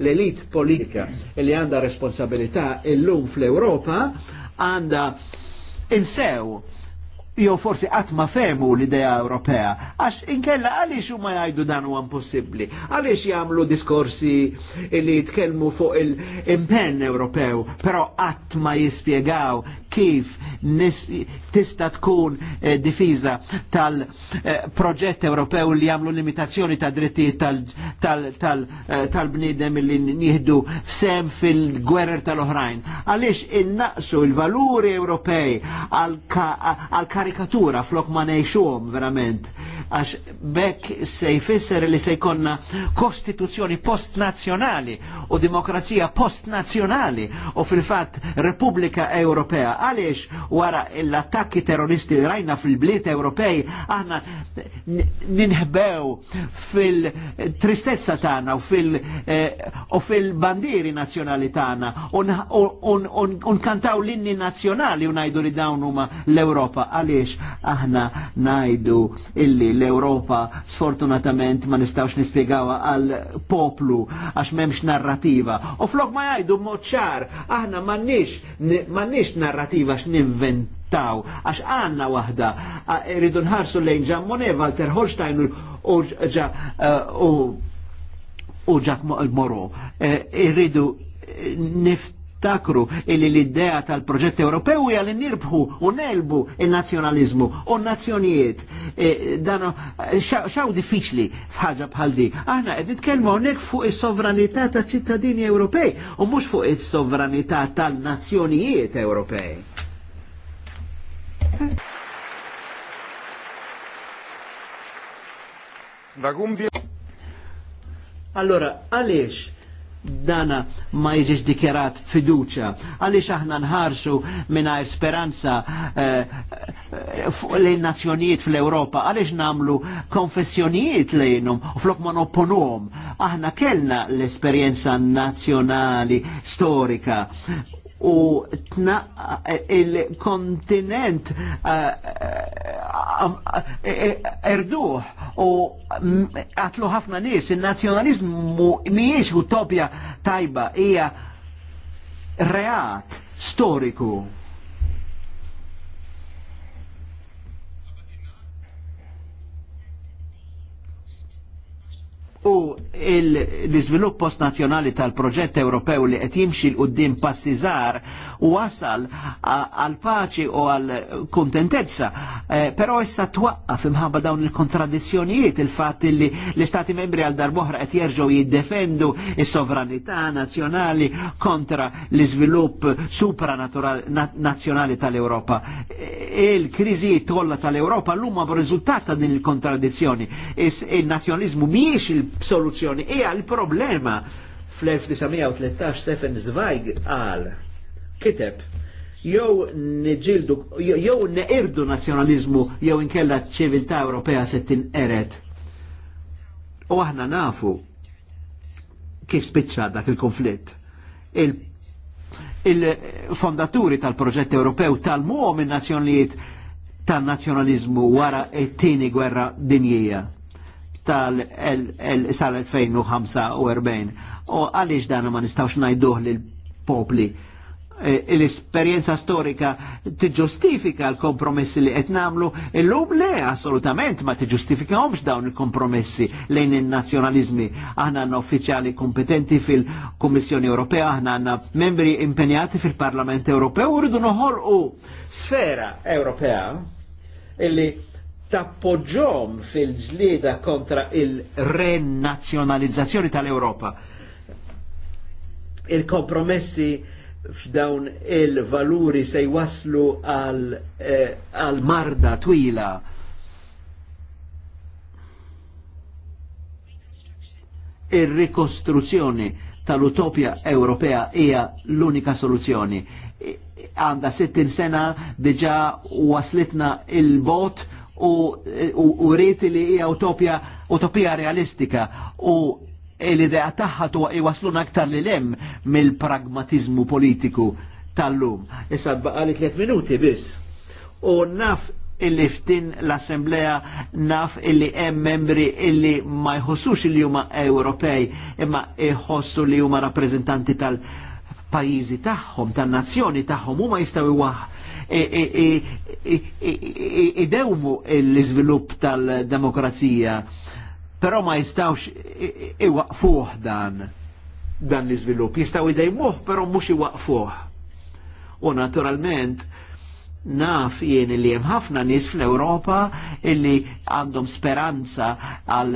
l-elit politika li għanda responsabilità illum fl-Europa għanda insew jew forsi qatt ma fehmu l-idea Ewropea. Għax inkella għaliex huma jgħidu dan huwa impossibbli, għaliex jagħmlu diskorsi li jitkellmu fuq il-impenn Ewropew, però qatt ma jispjegaw kif tista' tkun eh, difiża tal-proġett eh, Ewropew li jagħmlu limitazzjoni ta' drittijiet tal-bniedem tal, tal, tal, eh, li nieħdu sem fil-gwerer tal-oħrajn. Għaliex innaqsu il-valuri Ewropej għal-karità karikatura flok ma nejxuhom verament għax bekk se jfisser li se jkonna kostituzzjoni post-nazjonali u demokrazija post-nazjonali u fil-fat Repubblika Ewropea. Għaliex wara l-attakki terroristi li rajna fil-bliet Ewropej aħna ninħbew fil-tristezza tagħna u eh, fil-bandiri nazjonali tagħna u nkantaw l-inni nazjonali u ngħidu li dawn huma l-Ewropa. Għaliex biex aħna najdu illi l-Europa sfortunatament ma nistawx nispiegawa għal poplu għax memx narrativa. U flok ma jajdu moċċar, aħna mannix mannix narrativa x'ninventaw għax għanna waħda rridu nħarsu lejn ġan Monet, Walter Holstein u ġa e, u ġak Moro. E, irridu nift niftakru illi l-idea tal-proġett Ewropew hija li nirbħu u nelbu il-nazzjonalizmu u nazzjonijiet. E, dan xaw diffiċli fħaġa bħal di. Aħna qed nitkellmu hawnhekk fuq is-sovranità taċ-ċittadini Ewropej u mhux fuq is-sovranità tal-nazzjonijiet Ewropej. Allora, għaliex? dana ma jiġix dikjerat fiduċa. Għaliex aħna nħarsu mingħajr speranza li eh, eh, lejn nazzjonijiet fl-Ewropa, għaliex namlu konfessjonijiet lejnhom u flok ma Aħna kellna l-esperjenza nazzjonali storika u il-kontinent eh, eh, eh, erduħ u għatlu ħafna nis, il-nazjonalizmu miex utopja tajba, hija reat storiku u l-izvilupp post-nazjonali tal-proġett Ewropew li qed jimxi l qudiem passi żgħar wasal għal paċi u għal kontentezza. Eh, Però issa twaqqaf imħabba dawn il-kontradizzjonijiet il-fatt li l-Istati membri għal darboħra qed jerġgħu jiddefendu is-sovranità nazzjonali kontra l-iżvilupp supranazzjonali tal-Ewropa. Il-kriżi e, e kollha tal-Ewropa l-huma b'riżultat ta' din il-kontradizzjoni. Il-nazzjonizmu mhijiex il-soluzzjoni, hija e l-problema fl-1913 Stefan Zweig qal kiteb jew niġildu, jew neqirdu nazjonalizmu, jew inkella ċiviltà Ewropea se tinqeret. U aħna nafu kif spiċċa dak il-konflitt. Il-fondaturi il tal-proġett Ewropew tal-mu minn nazzjonijiet tal-nazjonalizmu wara it-tieni gwerra dinjija tal 2045 u għaliex dan ma nistawx najduħ lil popli Eh, l-esperienza storika tiġustifika l-kompromessi li qed nagħmlu illum le assolutament ma tiġustifikahomx dawn il-kompromessi lejn in-nazzjonaliżmi. Aħna għandna uffiċjali kompetenti fil-Kummissjoni Ewropea, aħna għandna membri impenjati fil-Parlament Ewropew u rridu noħolqu sfera Ewropea illi tappoġġom fil-ġlieda kontra il-renazzjonalizzazzjoni tal-Ewropa. Il-kompromessi f'dawn il-valuri se jwaslu għal, eh, marda eh, twila. il rikostruzzjoni tal-utopja Ewropea hija l-unika soluzzjoni. Għanda 60 sena diġa waslitna il-bot u, u, u riti li hija utopja, utopija realistika u E l-idea tagħha tuwa iwaslun aktar li lem mill-pragmatizmu politiku tal-lum. Issa baqa li tliet minuti biss. U naf illi ftin l-Assemblea naf illi hemm membri illi ma jħossux li huma Ewropej imma jħossu li huma rappreżentanti tal-pajjiżi tagħhom, tan-nazzjoni tagħhom huma jistgħu waħ idewmu l-iżvilupp tal-demokrazija Però ma jistawx iwaqfuh dan dan l-iżvilupp. Jistaw muh, però mhux iwaqfuh. U naturalment naf jien li hemm ħafna nies fl-Ewropa illi għandhom speranza għal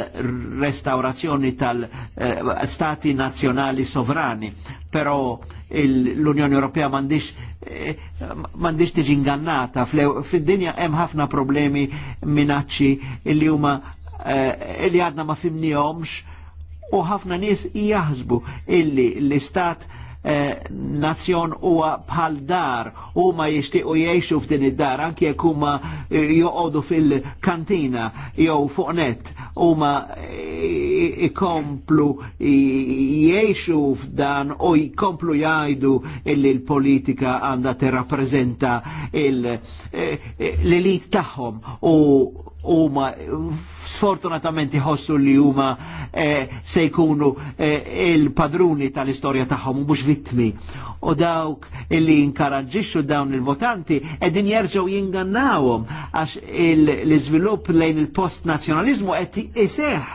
restaurazzjoni tal-stati eh, nazjonali sovrani, però l-Unjoni Ewropea m'għandix eh, m'għandix tiġi ingannata fid-dinja hemm ħafna problemi minacċi illi huma Eh, li għadna ma fimnijomx u ħafna nis jaħsbu illi l-istat eh, nazzjon huwa bħal dar u ma jixtiequ jiexu f'din id-dar anki jekk huma eh, joqogħdu fil-kantina jew fuq net huma ikomplu jiexu f'dan u jkomplu jgħidu illi l-politika għandha tirrappreżenta l-elit tagħhom u huma sfortunatament iħossu li huma eh, se jkunu eh, il-padruni tal-istorja tagħhom u mhux vittmi. U dawk li inkaraġġixxu dawn il-votanti qegħdin jerġgħu jingannawhom għax l-iżvilupp lejn il-post nazzjonaliżmu qed iseħ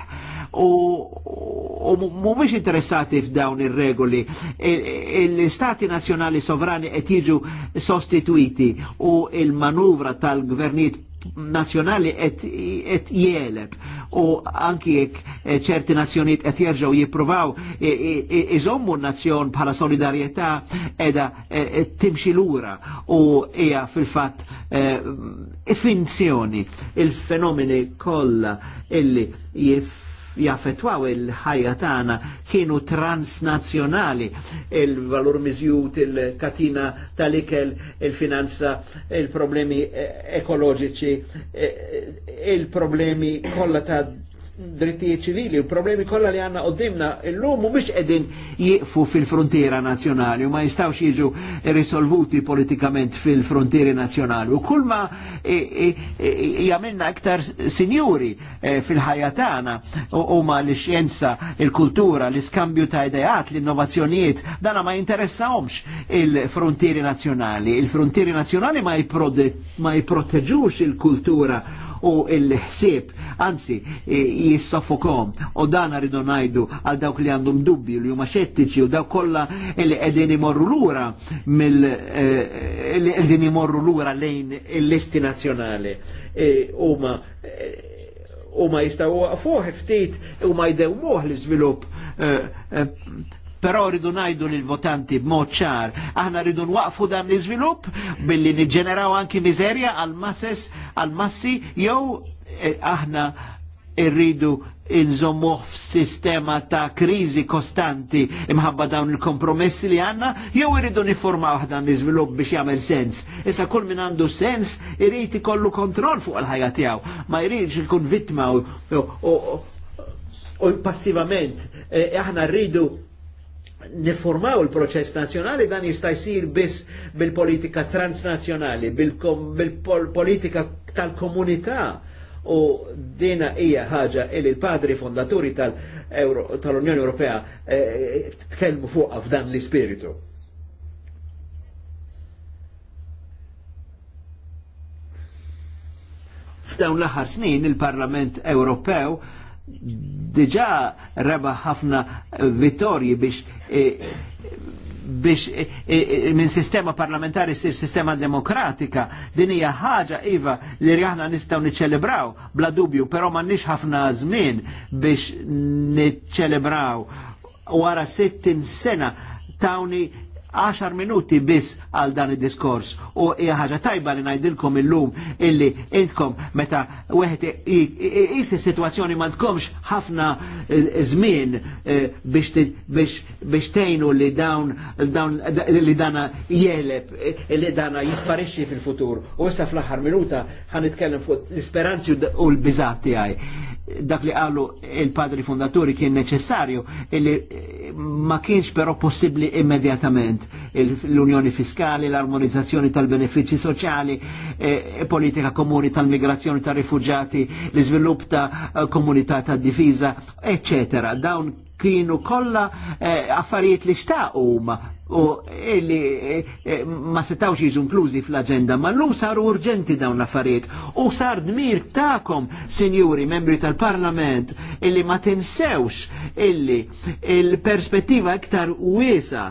u mhumiex interessati f'dawn ir-regoli. Il-stati nazzjonali nazjonali sovrani qed jiġu sostituiti u il-manuvra tal-gvernijiet nazjonali et jeleb u anki jek eh, ċerti nazjoniet et jerġaw jiprovaw iżommu nazzjon bħala solidarietà edha eh, eh, timxi lura u hija fil-fat finzjoni il-fenomeni kolla illi jif jaffetwaw il-ħajja tagħna kienu transnazzjonali il-valur miżjut, il-katina tal-ikel, il-finanza, il-problemi eh, ekoloġiċi, eh, il-problemi kollha ta' drittijiet ċivili u problemi kollha li għanna qoddimna illum mhumiex qegħdin jieqfu fil-frontiera nazzjonali u ma jistgħux jiġu risolvuti politikament fil-frontieri nazzjonali. U kull ma jagħmilna iktar sinjuri eh, fil-ħajja tagħna huma l-xjenza, il-kultura, l-iskambju ta' ideat, l-innovazzjonijiet, dana ma jinteressahomx il-frontieri nazzjonali. Il-frontieri nazzjonali ma jipproteġux il-kultura u il-ħsieb, anzi jissofokom u dan rridu najdu għal dawk li għandhom dubbi li huma xettiċi u dawk kollha li qegħdin imorru lura mill eh, li qegħdin imorru lura lejn il-listi nazzjonali e, huma eh, u ma jistaw ftit u ma jdewmuh l iżvilupp eh, però rridu najdu l votanti b'mod ċar, aħna rridu nwaqfu dan l-iżvilupp billi niġġeneraw anki miżerja għal masses għal massi jew eh, aħna irridu inżommuħ f-sistema ta' krizi kostanti imħabba dawn il-kompromessi li għanna, jew irridu niformaw dan l-iżvilupp biex jagħmel sens. Issa kull min għandu sens irid ikollu kontroll fuq il-ħajja tiegħu, ma jridx ikun vittma u passivament eh, aħna rridu niformaw il-proċess nazjonali dan jista' jsir biss bil-politika transnazjonali, bil-politika bil tal-komunità u dina hija ħaġa il il-padri fondaturi tal-Unjoni tal Ewropea eh, tkellmu fuqha f'dan l-ispiritu. F'dawn l-aħħar snin il-Parlament Ewropew diġa rebaħ ħafna vittorji biex e, biex e, e, minn sistema parlamentari sir sistema demokratika din hija ħaġa iva li aħna nistgħu niċċelebraw bla dubju, però m'għandniex ħafna żmien biex niċċelebraw wara 60 sena tawni 10 minuti biss għal dan id-diskors u hija ħaġa tajba li ngħidilkom illum illi intkom meta weħet is situazzjoni ma tkomx ħafna eh, żmien eh, biex tgħinu li dawn li dana jeleb eh, li dana jisparixxi fil-futur u issa fl-aħħar minuta ħanitkellem fuq l-isperanzi u l-biżat tiegħi dak li qalu il-padri fondaturi kien neċessarju illi ma kienx però possibbli immedjatament investiment, l-unjoni fiskali, l-armonizzazzjoni tal-benefici soċjali, eh, e, politika komuni tal-migrazzjoni tal-rifugjati, l-izvilupp ta' eh, komunità ta' difiża, eccetera. Dawn kienu kollha eh, affarijiet li xtaqhom u eh, li eh, ma setawx jiġu inklużi fl-agenda, ma l-lum saru urġenti dawn l-affarijiet u sar dmir ta'kom, sinjuri, membri tal-parlament, illi ma tinsewx illi il-perspettiva iktar wiesa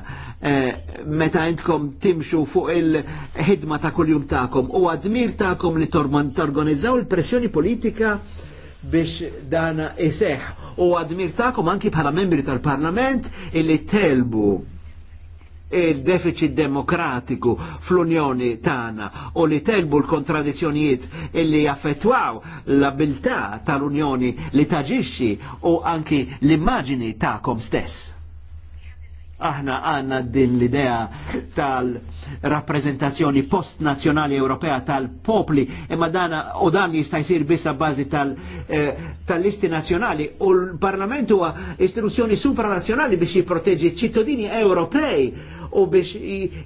meta jintkom timxu fuq il-ħidma ta' kuljum ta'kom u għadmir ta'kom li torganizzaw il-pressjoni politika biex dana iseħ u għadmir ta'kom anki bħala membri tal-parlament illi telbu il-deficit demokratiku fl-Unjoni tana u li telbu l kontradizjonijiet illi jaffettwaw l abilta tal-Unjoni li taġixxi u anki l-immaġini ta'kom stess aħna għanna din l-idea tal-rappresentazzjoni post-nazjonali Ewropea tal-popli, imma dana u dan jista' jsir bissa bażi eh, tal-listi eh, tal nazjonali u l parlamentu huwa istituzzjoni supranazzjonali biex jipproteġi ċittadini Ewropej u biex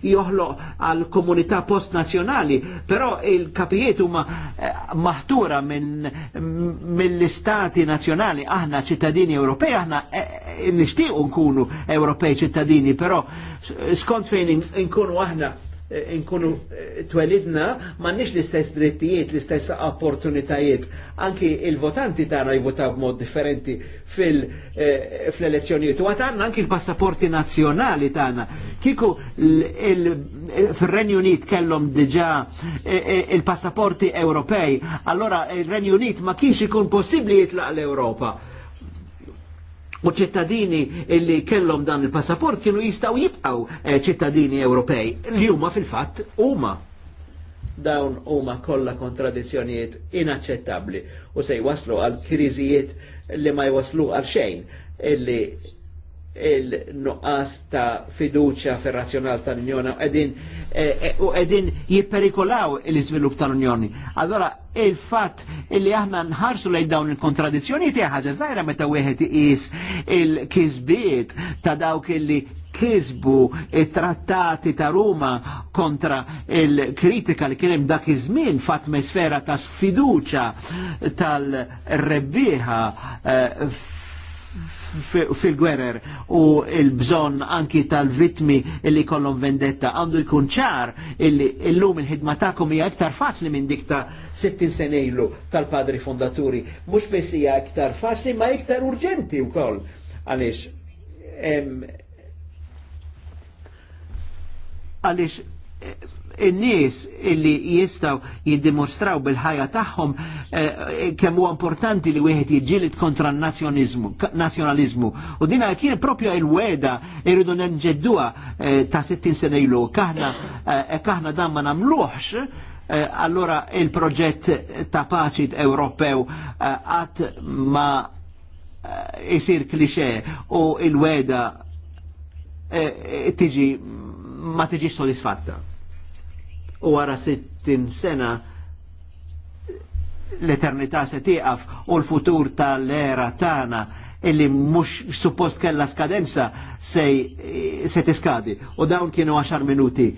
joħloq għal komunità post-nazjonali, pero il-kapijiet huma eh, maħtura mill-istati nazjonali, aħna ċittadini Ewropej, aħna eh, nixtiequ nkunu Ewropej ċittadini, pero skont fejn inkunu aħna Eh, nkunu eh, twelidna m'għandniex l-istess drittijiet, l-istess opportunitajiet. Anki il-votanti tagħna jvotaw b'mod differenti fil-elezzjonijiet. Eh, U għatanna anki l-passaporti nazjonali tagħna. Kiku fil-Renju Unit kellhom diġà il-passaporti Europej, allora il-Renju Unit ma kiex ikun possibbli jitlaq l europa U ċittadini illi kellhom dan il-passaport kienu jistaw jibqaw eh, ċittadini Ewropej li huma fil-fatt huma dawn huma kollha kontradizzjonijiet inaċċettabbli u se jwaslu għal kriżijiet li ma jwaslu għal xejn illi il-nuqqas ta' fiduċa fir razzjonal ta' l unjoni u edin eh, eh, jiperikolaw l-izvilup ta' l unjoni Allora, il-fat li aħna nħarsu lej dawn il-kontradizzjoni ti ħaġa zaħira meta wieħed iqis il kizbiet ta' dawk li kizbu il trattati ta' Roma kontra il-kritika li kienem dak iż-żmien fatme sfera ta' sfiduċa tal-rebbieħa eh, fil-gwerer u il-bżon anki tal-vitmi li kollom vendetta għandu jkun ċar il-lum il-ħidma ta'kom hija iktar faċli minn dik ta' 60 senejlu tal-padri fondaturi. Mux biss iktar faċli ma iktar urġenti wkoll. għalix għalix in-nies illi jistaw jiddimostraw bil-ħajja tagħhom eh, kemm huwa importanti li wieħed jiġġieled kontra n nazzjonalizmu. U dina kien proprja l weda irridu nġedduha eh, ta' 60 sena ilu. Kaħna eh, kaħna dan ma nagħmluhx allora il-proġett ta' paċi Ewropew għat ma jsir klixe u il-weda tiġi ma tiġi sodisfatta u għara 60 sena l-eternità se tieqaf u l-futur tal-era tana illi mhux suppost kella skadenza se, se tiskadi. U dawn kienu 10 minuti.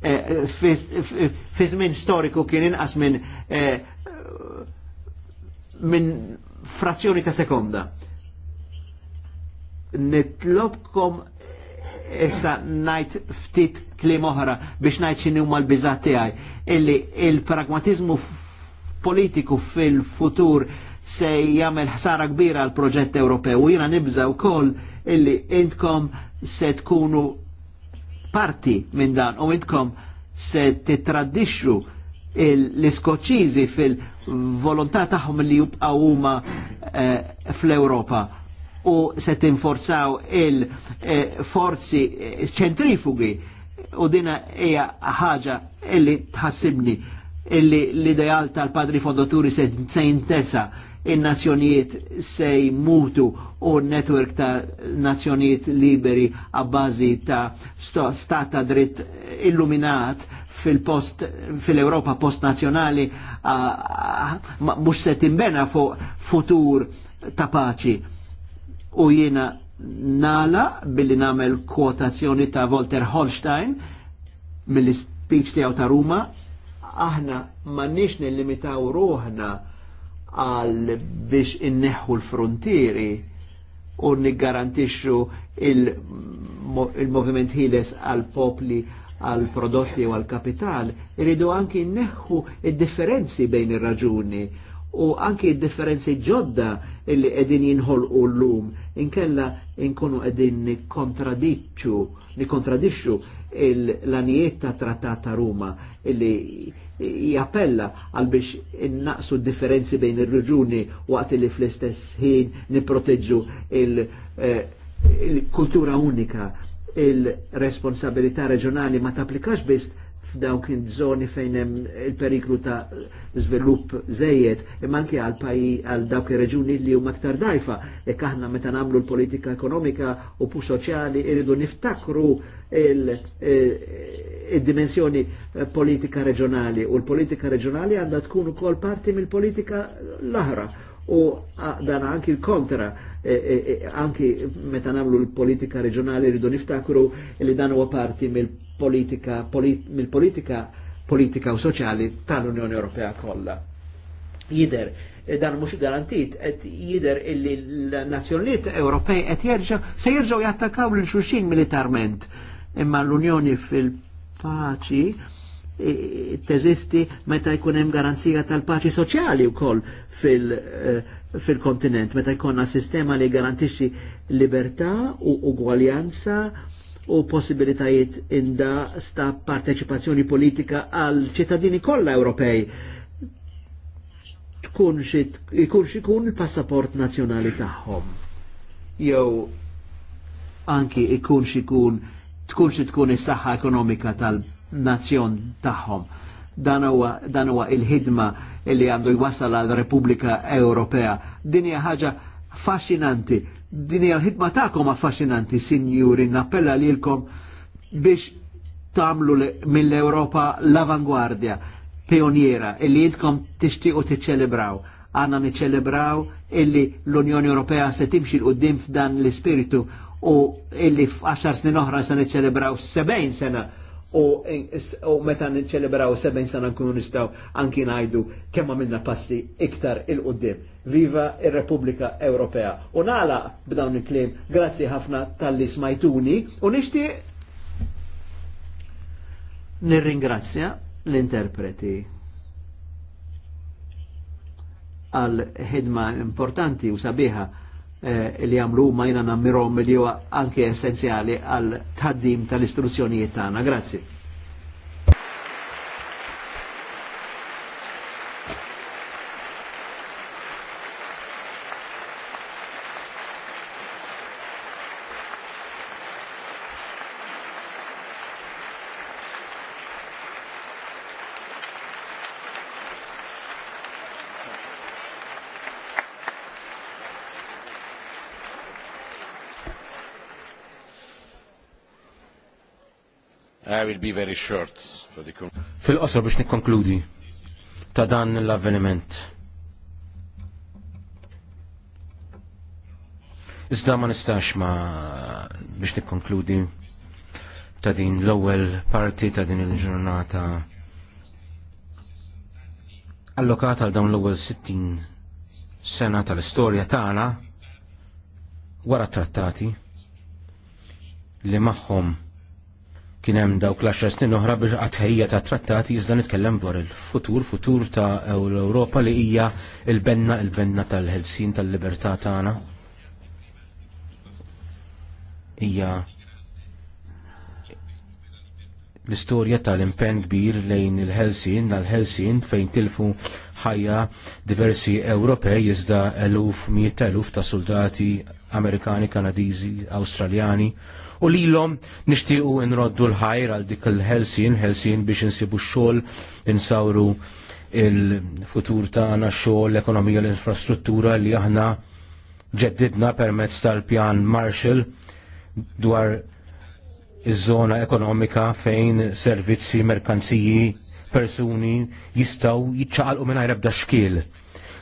E, fi żmien storiku kien inqas minn eh, minn frazzjoni ta' sekonda. Nitlobkom issa najt ftit klim oħra biex najt xinu huma l-bizat tiegħi illi il-pragmatizmu politiku fil-futur se jagħmel ħsara kbira għal proġett Ewropew. u Jiena nibża wkoll illi intkom se tkunu parti minn dan u intkom se titraddixxu l-Iskoċiżi fil-volontà tagħhom li jibqgħu huma eh, fl-Ewropa u se tinforzaw il-forzi eh, eh, ċentrifugi u dina hija ħaġa illi tħassibni illi l-ideal tal-padri fondaturi se jintesa il-nazzjonijiet se jmutu u n-netwerk ta' nazzjonijiet liberi għabbażi ta' stat ta' dritt illuminat fil-post fil-Europa post-nazjonali mux se timbena fuq futur ta' paċi u jiena nala billi namel kwotazzjoni ta' Walter Holstein mill-speech tijaw ta' Ruma aħna m'għandniex nillimitaw ruħna għal biex inneħħu l-frontieri u niggarantixxu il-moviment il ħiles għal popli għal prodotti u għal kapital, irridu anki neħħu id-differenzi bejn ir-raġuni u anki differenzi ġodda illi edin jinħol u l-lum inkella inkunu edin nikontradiċu nikontradiċu l-anijiet trattata trattat Ruma illi jappella għal biex innaqsu differenzi bejn il reġuni waqt li fl-istess ħin niproteġġu eh, il-kultura unika il-responsabilità reġjonali ma taplikax biss f'dawk il-żoni fejn hemm il-periklu ta' żvilupp żejjed, imma anke għal pajji għal dawk ir-reġuni li huma aktar dajfa, jekk aħna meta nagħmlu l-politika ekonomika u pu soċjali iridu niftakru il-dimensjoni eh, eh, politika reġjonali u l-politika reġjonali għandha tkun ukoll parti mill-politika l-aħra u dan anki l-kontra, eh, anki meta nagħmlu l-politika reġjonali rridu niftakru li dan huwa parti mill politika, polit, mill-politika politika u soċjali tal-Unjoni Ewropea kollha. Jider dan mhux garantit qed jider illi l-nazzjonijiet Ewropej qed jerġgħu se jerġgħu jattakaw lil xulxin militarment. Imma l-Unjoni fil-paċi teżisti meta jkun hemm garanzija tal-paċi soċjali wkoll eh, fil-kontinent, fil meta jkollna sistema li garantixxi libertà u ugwaljanza u possibilitajiet inda sta parteċipazzjoni politika għal ċittadini kollha Ewropej tkun ikun xikun il-passaport nazzjonali tagħhom. Jew anki ikun xi tkun xi tkun is-saħħa ekonomika tal-nazzjon tagħhom. Dan huwa il-ħidma li għandu jwassal għal Repubblika Ewropea. Din hija ħaġa faxxinanti Din hija l-ħidma tagħkom affaxxinanti, sinjuri, nappella lilkom biex tagħmlu mill-Ewropa l-avangwardja, pioniera, illi jintkom tixtiequ tiċċelebraw. Għanna niċċelebraw illi l-Unjoni Ewropea se timxi l-qoddim f'dan l-ispiritu u illi f'għaxar snin oħra se niċċelebraw 70 sena u meta nċelebraw 7 sena nkunu nistaw anki najdu kemm minna passi iktar il-qoddim. Viva il repubblika Ewropea. U nala b'dawn il-klim, grazzi ħafna tal-li smajtuni u nishti nirringrazzja l-interpreti għal ħidma importanti u sabiħa Eh, li għamlu ma jina nammirom li huwa anke essenzjali għal tħaddim tal-istruzzjonijiet tagħna. Grazzi. will be very short for the Fil-qosor biex nikkonkludi ta' dan l-avveniment. Iżda ma nistax ma biex nikkonkludi ta' din l-ewwel parti ta' din il-ġurnata allokata għal dawn l-ewwel 60 sena tal-istorja tagħna wara trattati li magħhom Kien hemm dawk l-10 snin oħra biex għatħejja ta' trattati iżda nitkellem dwar il-futur, futur ta' l-Ewropa li hija il-benna il-benna tal-ħelsin tal-libertà tagħna. Hija l-istorja tal-impenn kbir lejn il helsin għal helsin fejn tilfu ħajja diversi Ewropej iżda eluf miet eluf ta' soldati Amerikani, Kanadizi, Australjani u l-om nixtiequ nroddu l-ħajr għal dik il-ħelsin, ħelsin biex insibu x-xogħol, insawru il-futur tagħna x-xogħol, l-ekonomija, l-infrastruttura li aħna ġeddidna permezz tal-pjan Marshall dwar iż-żona ekonomika fejn servizzi, merkanziji, persuni jistaw jiċċaqalqu mingħajr ebda xkiel.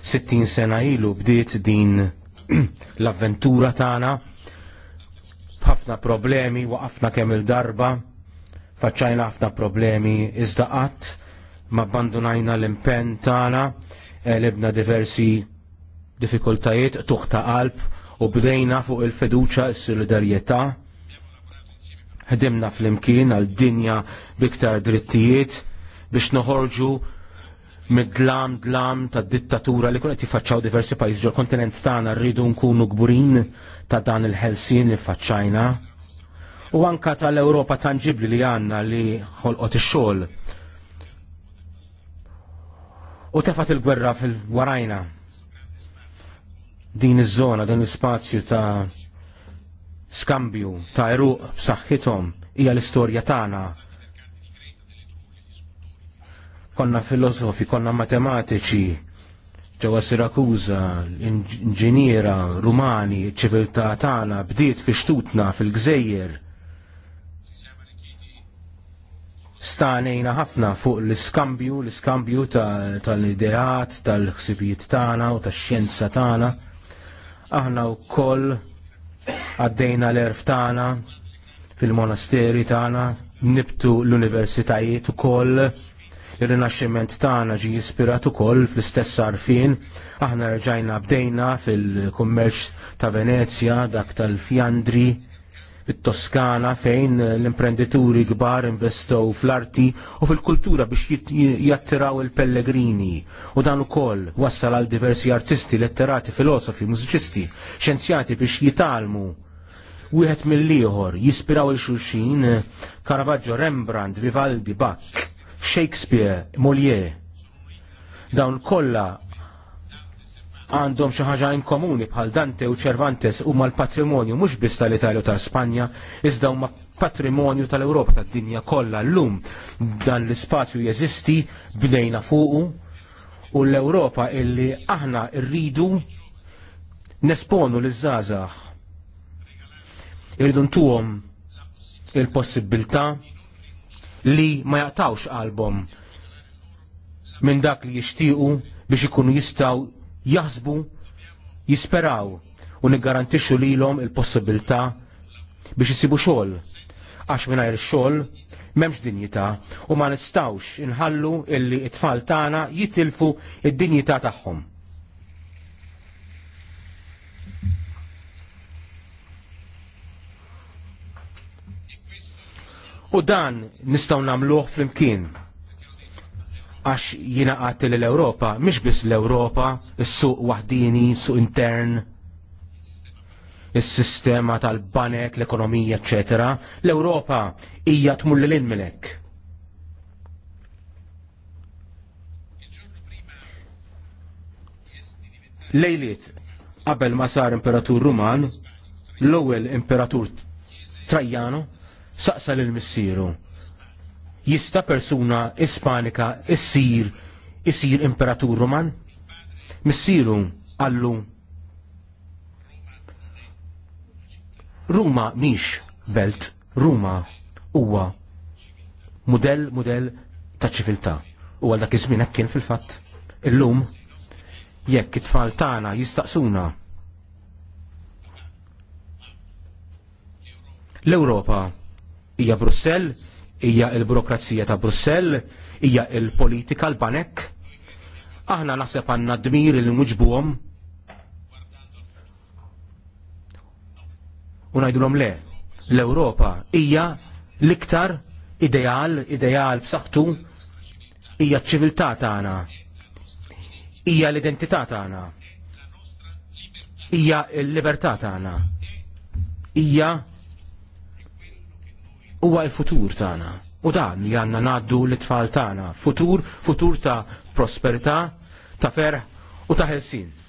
60 sena ilu bdiet din l-avventura tagħna ħafna problemi waqafna kemm il-darba faċċajna ħafna problemi iżda qatt ma abbandunajna l-impenn tagħna elibna eh, diversi difficultajiet tuħta qalb u bdejna fuq il feduċa s-solidarjetà ħdimna fl-imkien għal dinja biktar drittijiet biex noħorġu mid-dlam dlam ta' dittatura li kunet jifacċaw diversi pajjiż ġol kontinent tagħna rridu nkunu gburin ta' dan il helsin li facċajna. U anka tal-Ewropa tangibli li għanna li ħolqot ix-xogħol. U tefat il-gwerra fil-warajna. Din iż-żona, din l-ispazju ta' skambju ta' eruq b'saħħithom hija l-istorja tagħna konna filosofi, konna matematiċi, ġewwa Sirakuza, inġiniera, rumani, ċiviltà tagħna bdiet fi xtutna fil-Gżejjer. Stanejna ħafna fuq l-iskambju, l-iskambju tal-ideat, tal-ħsibijiet tagħna u tax-xjenza tagħna. Aħna wkoll għaddejna l-erf tagħna fil-monasteri tagħna, nibtu l-universitajiet ukoll Ir-rinaxximent tagħna ġi jispirat ukoll fl-istess arfin. Aħna rġajna bdejna fil-kummerċ ta' Venezja, dak tal-Fjandri, fit-Toskana fejn l-imprenditori kbar investow fl-arti u fil-kultura biex jattiraw il-pellegrini. U dan ukoll wassal għal diversi artisti, letterati, filosofi, mużiċisti, xenzjati biex jitalmu wieħed mill-ieħor jispiraw il-xulxin Caravaggio, Rembrandt, Vivaldi, Bach. Shakespeare, Molière. Dawn kollha għandhom xi ħaġa inkomuni bħal Dante u Cervantes huma l-patrimonju mhux biss tal-Italja tal-Spanja, iżda huma patrimonju tal-Ewropa tad-dinja kollha llum dan l-ispazju jeżisti bdejna fuqu u l-Ewropa illi aħna rridu nesponu l-żgħażagħ. Irridu ntuhom il-possibilità il possibilità li ma jaqtawx qalbhom minn dak li jixtiequ biex ikunu jistgħu jaħsbu jisperaw u niggarantixxu lilhom il-possibilità biex isibu xogħol. Għax mingħajr xogħol m'hemmx dinjità u ma nistgħux inħallu illi t tfal tagħna jitilfu id-dinjità tagħhom. U dan nistaw namluħ fl-imkien. Għax jina għatti l-Europa, mish bis l-Europa, il-suq wahdini, suq intern, il-sistema tal-banek, l-ekonomija, etc. L-Europa hija tmur l-lin minnek. Lejliet, qabel ma sar imperatur Ruman, l-ewwel imperatur Trajano, saqsa lil missieru Jista persuna ispanika issir isir imperatur Roman? Missieru għallu Ruma mhix belt, Ruma huwa mudell model ta' ċiviltà. U għal dak iż-żmien hekk kien fil-fatt. Illum jekk it-tfal tagħna jistaqsuna l-Europa hija Brussell, hija il-burokrazija ta' Brussell, hija il-politika l-banek. Aħna naħseb għandna dmir li Unajdu u ngħidulhom le. L-Ewropa hija l-iktar ideal, ideal b'saħħtu hija ċ-ċiviltà tagħna. Ija l-identità tagħna. Ija l-libertà tagħna. Ija huwa l-futur tagħna. U dan li għandna ngħaddu l-tfal tagħna. Futur, futur ta' prosperità, ta' ferħ u ta' ħelsin.